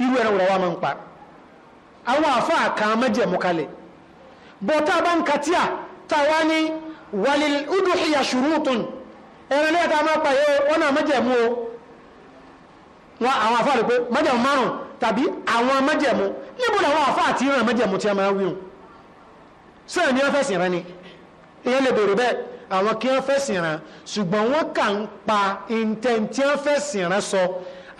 irú ẹran wùrà máa ń pa àwọn àfáà kan mẹ́jẹ̀mú kalẹ̀ bọ́tá bá ń katíà táwa ní wàlil udhiya shurutun ẹran ní ẹ̀ta máa pa yóò wọ́n náà mẹ́jẹ̀mú o wọn àwọn àfáà rẹ̀ pé mẹ́jẹ̀mú márùn tàbí àwọn mẹ́jẹ̀mú níbo làwọn àfáà ti ràn tí a máa wíhun sẹ́yìn ni wọ́n fẹ́ rán ni ìyẹn lè bèrè bẹ́ẹ̀ àwọn kí wọ́n rán ṣùgbọ́n wọ́n kà ń pa wọ́n rán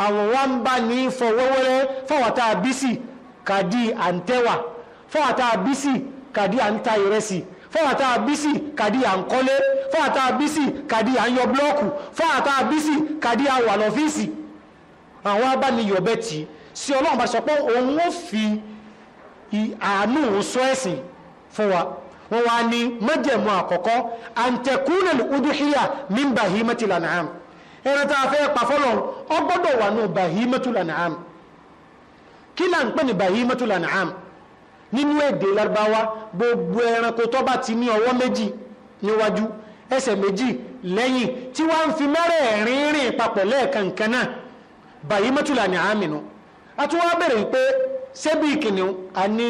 àwọn wá ń bá ní fọwọ́wọ́rẹ́ fọwọ́ta bísì kàdí àǹtẹ́wà fọwọ́ta bísì kàdí àǹta ìrẹsì fọwọ́ta bísì kàdí àǹkọ́lé fọwọ́ta bísì kàdí àǹyọ blọ́ọ̀kù fọwọ́ta bísì kàdí àwà lọ́fíìsì àwọn abániyọ̀bẹ tí sí ọlọ́run bá sọ pé òun ó fi àánú sọ ẹ̀sìn fún wa wọ́n wá ní májẹ̀mú àkọ́kọ́ àǹtẹ̀kúnlẹ̀ udúhíyà min bahimatil an'am ẹran tá a fẹ́ pa fọ́lọ̀ ọ gbọ́dọ̀ wà nù bahimatul an'am kí là ń pè ní bahimatul an'am nínú èdè Lárúbáwá gbogbo ẹranko tó bá ti ní ọwọ́ méjì níwájú ẹsẹ̀ méjì lẹ́yìn tí wọ́n ń fi mẹ́rẹ̀ẹ̀rin rìn papọ̀ lẹ́ẹ̀kan kan náà bahimatul an'am nù a tún wá bẹ̀rẹ̀ pé ṣebí kìnìún a ní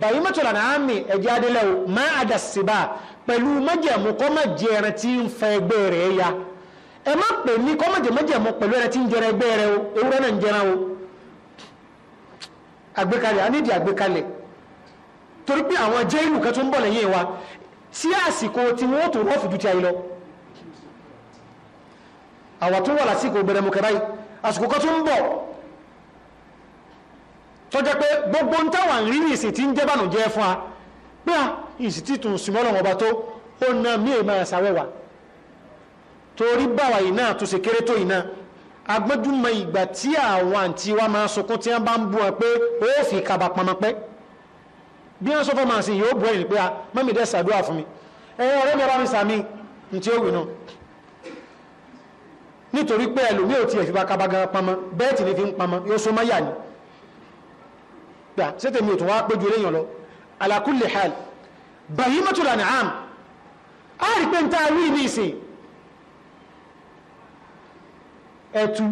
bahimatul an'am ẹ̀jẹ̀ adélẹ́wò má àdàsíbà pẹ̀lú májẹ̀mú kọ́ má ẹran tí ń fẹ́ ẹgbẹ́ rẹ̀ ya ẹ má pè mí kọ́ mọ̀jẹ̀mọ́jẹ̀ mọ́ pẹ̀lú ẹni tí ń jẹrẹ ẹgbẹ́ rẹ o ewúrẹ́ náà ń jẹran o àgbékalẹ̀ anídìí àgbékalẹ̀ torí pé àwọn jẹ́ ìlú kan tó ń bọ̀ lẹ́yìn wa sí àsìkò tí wọ́n tó rọ́ọ̀fù ju ti ayé lọ àwọn tó wà lásìkò gbẹdẹmọkẹ báyìí àsìkò kan tó ń bọ̀ tọ́jẹ́ pé gbogbo ń ń rí ìsìn tí ń jẹ́ bànújẹ́ fún wa pé à ìsìn títún súnmọ́ lọ́wọ́ ọba tó ó na mí èèmọ̀ àṣàwẹ̀wà torí báwa iná tó ṣe kéré tó iná agbẹ́dúnmọ̀ ìgbà tí àwọn àǹtí wa máa sọkún tí wọ́n bá ń bú wọn pé ó fi kaba pọnmọpẹ́ bí wọ́n sọ fún màá sí yóò bú ẹ̀rìn pé a ah, mọ́mí dẹ́ sàdúrà fún mi ẹ̀yin ọ̀rẹ́ mi ọba mi sàmì ní tí ó wì náà nítorí pé ẹlòmí ò tiẹ̀ fi kaba gan pamọ́ bẹ́ẹ̀ tì ní fi ń pamọ́ yóò so máyà ni gbà sẹ́tẹ̀ mi ò tún wá péjú eléyàn lọ ala kulli hal bahimatul an'am á rí pé ń tá a rí ní ìsìn ọtụ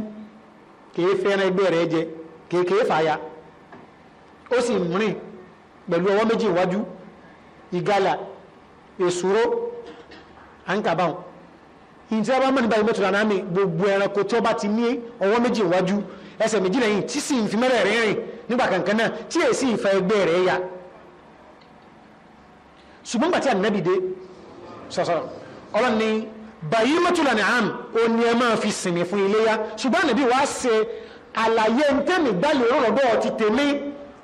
ka efe na egbe rẹ jẹ ka eke efa ya o si rin pẹlu ọwọ meji iwaju igala esoro ankabaw nti a ba mọ nipa imotora naami gbogbo ẹranko tí o ba ti ní ọwọ meji iwaju ẹsẹ meji lẹyin ti si nfimẹrẹ rin rin n'igba kankana náà e si ifa egbe rẹ ya ṣùgbọ́n gbàtí ànínábìde sọsọ ọlọ́ni. bàyí mọ́tòlá ní àm ó ní ẹ máa fi sinmi fún iléyá ṣùgbọ́n ànàbí wàá ṣe àlàyé ntẹ́mi gbálẹ̀ rọ̀rọ̀dọ̀ ti tèmi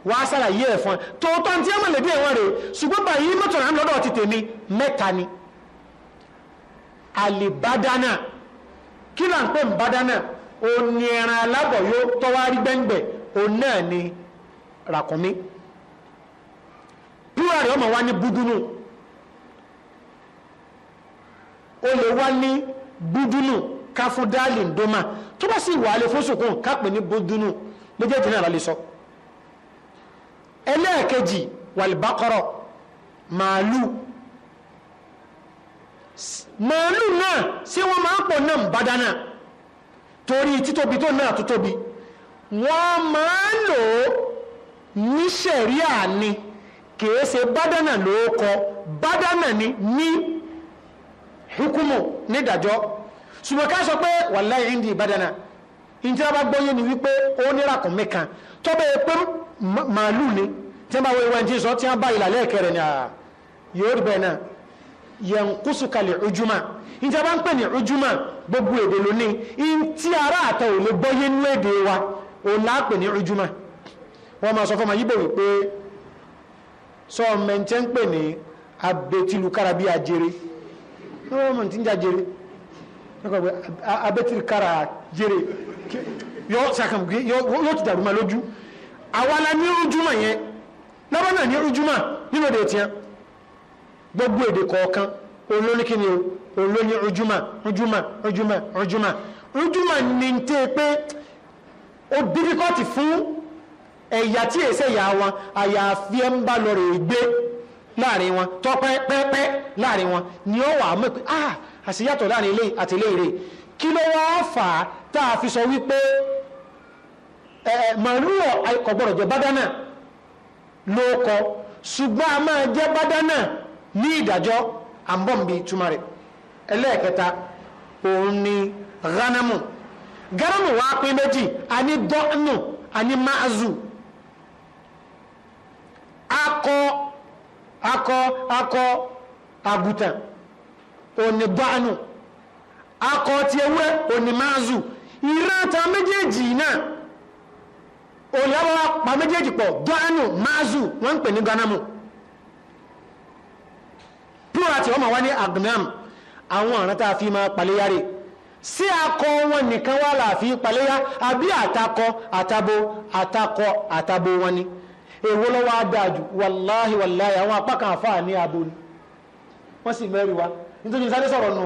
wàá ṣàlàyé ẹ̀ fún ẹ tòótọ́ ntí ẹ̀mọ̀ lẹ́bí ẹ̀wọ̀n rẹ̀ ṣùgbọ́n bàyí mọ́tòlá ní lọ́dọ̀ ti tèmi mẹ́ta ni àlìbádánà kí là ń pè ń bádánà ní ẹran alábọ̀yó tọ́wárí gbẹ́ngbẹ̀ ó náà ni ràkúnmí púrà rẹ̀ ọmọ wa ní búdúnù ó lè wá ní búdúnù ká fún dáàlì ndómà tó bá sì wà lè fún sùkún ká pè ní búdúnù méjèèjì náà lálẹ́ sọ ẹlẹ́ẹ̀kejì wàlìbákọ́rọ̀ màálù màálù náà sí wọ́n máa ń pọ̀ náà ń náà torí títóbi tó náà tó tóbi wọ́n máa ń lò ó ní sẹ̀ríà ni kìí ṣe bádánà ló kọ bádánà ni ní hukumu nídàjọ́ ṣùgbọ́n ká sọ pé wàláì indi ìbádana ìtura bá gbọ́yé ni wípé ó nira kùn mí kan tó bẹ́ẹ̀ pé màálù ni tí wọ́n bá wọ ìwé ẹni tí sọ tí wọ́n bá ìlà lẹ́ẹ̀kẹrẹ ni yóò rí bẹ́ẹ̀ náà yẹn kúsù kalẹ̀ ojúmọ́ ìtura bá ń pè ní ojúmọ́ gbogbo èdè lónìí ìtí ara àtọ̀ ò lè gbọ́yé nú èdè wa ò láàpè ní ojúmọ́ wọ́n máa sọ fún ọmọ yíbò wípé sọ ọmọ ẹni ń pè ní abetilu karabi ajere. ní wọ́n mọ̀ tí ń jà jèrè abẹ́tìrì kára jèrè yóò ma lójú àwala ní rújúmọ̀ yẹn lọ́wọ́ ni ní rújúmọ̀ nínú èdè gbogbo èdè kọ̀ọ̀kan o olóní rújúmọ̀ rújúmọ̀ rújúmọ̀ rújúmọ̀ rújúmọ̀ ni ń tẹ́ pé ó dífíkọ́tì ẹ̀yà láàrin wọn tọ́ pẹ́pẹ́ láàrin wọn ni ó wà mọ̀ pé ah àṣeyàtọ̀ láàrin ilé àti ilé ire kí ló wá fà á tá a fi sọ wípé màlúù ọ̀gbọ̀rọ̀ jẹ́ bádánà ló kọ ṣùgbọ́n a máa jẹ́ bádánà ní ìdájọ́ àbọ̀nbí túmọ̀ rẹ̀ ẹlẹ́ẹ̀kẹta òun ni ghanamu ghanamu wá pín méjì a ní dọ́nù a ní máàzù akọ akọ akọ agutan òní akọ ti ewé òní máàzù ìrántà méjèèjì náà olùyàwó pa méjèèjì pọ̀ bánu máàzù wọ́n ń pè ní ganamu plural ní agnam àwọn ọ̀ràn tá a fi máa sí akọ wọn nìkan wà láàfin paléyà àbí àtakọ àtabo àtakọ àtabo wọn ni. èwo ló wá wàláhì wàláhì àwọn apá kan àfáà ní abo ni wọ́n sì mẹ́rin nítorí sáré sọ̀rọ̀ nù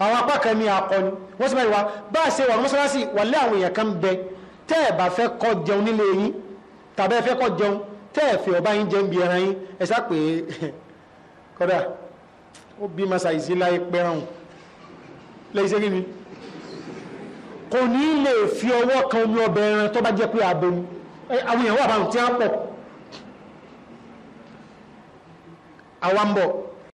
àwọn apá kan ní akọni wọ́n sì wa bá ṣe wà mọ́sálásì wàlẹ́ àwọn èèyàn kan bẹ tẹ́ ọba yín jẹun bí ẹran yín ẹ sá pé kọ́dà ó bí masa ìsíláyé pẹ́ràn lẹ́yìn sẹ́yìn kan ọbẹ̀ ẹran tó bá jẹ́ pé àwọn èèyàn àwọn bọ̀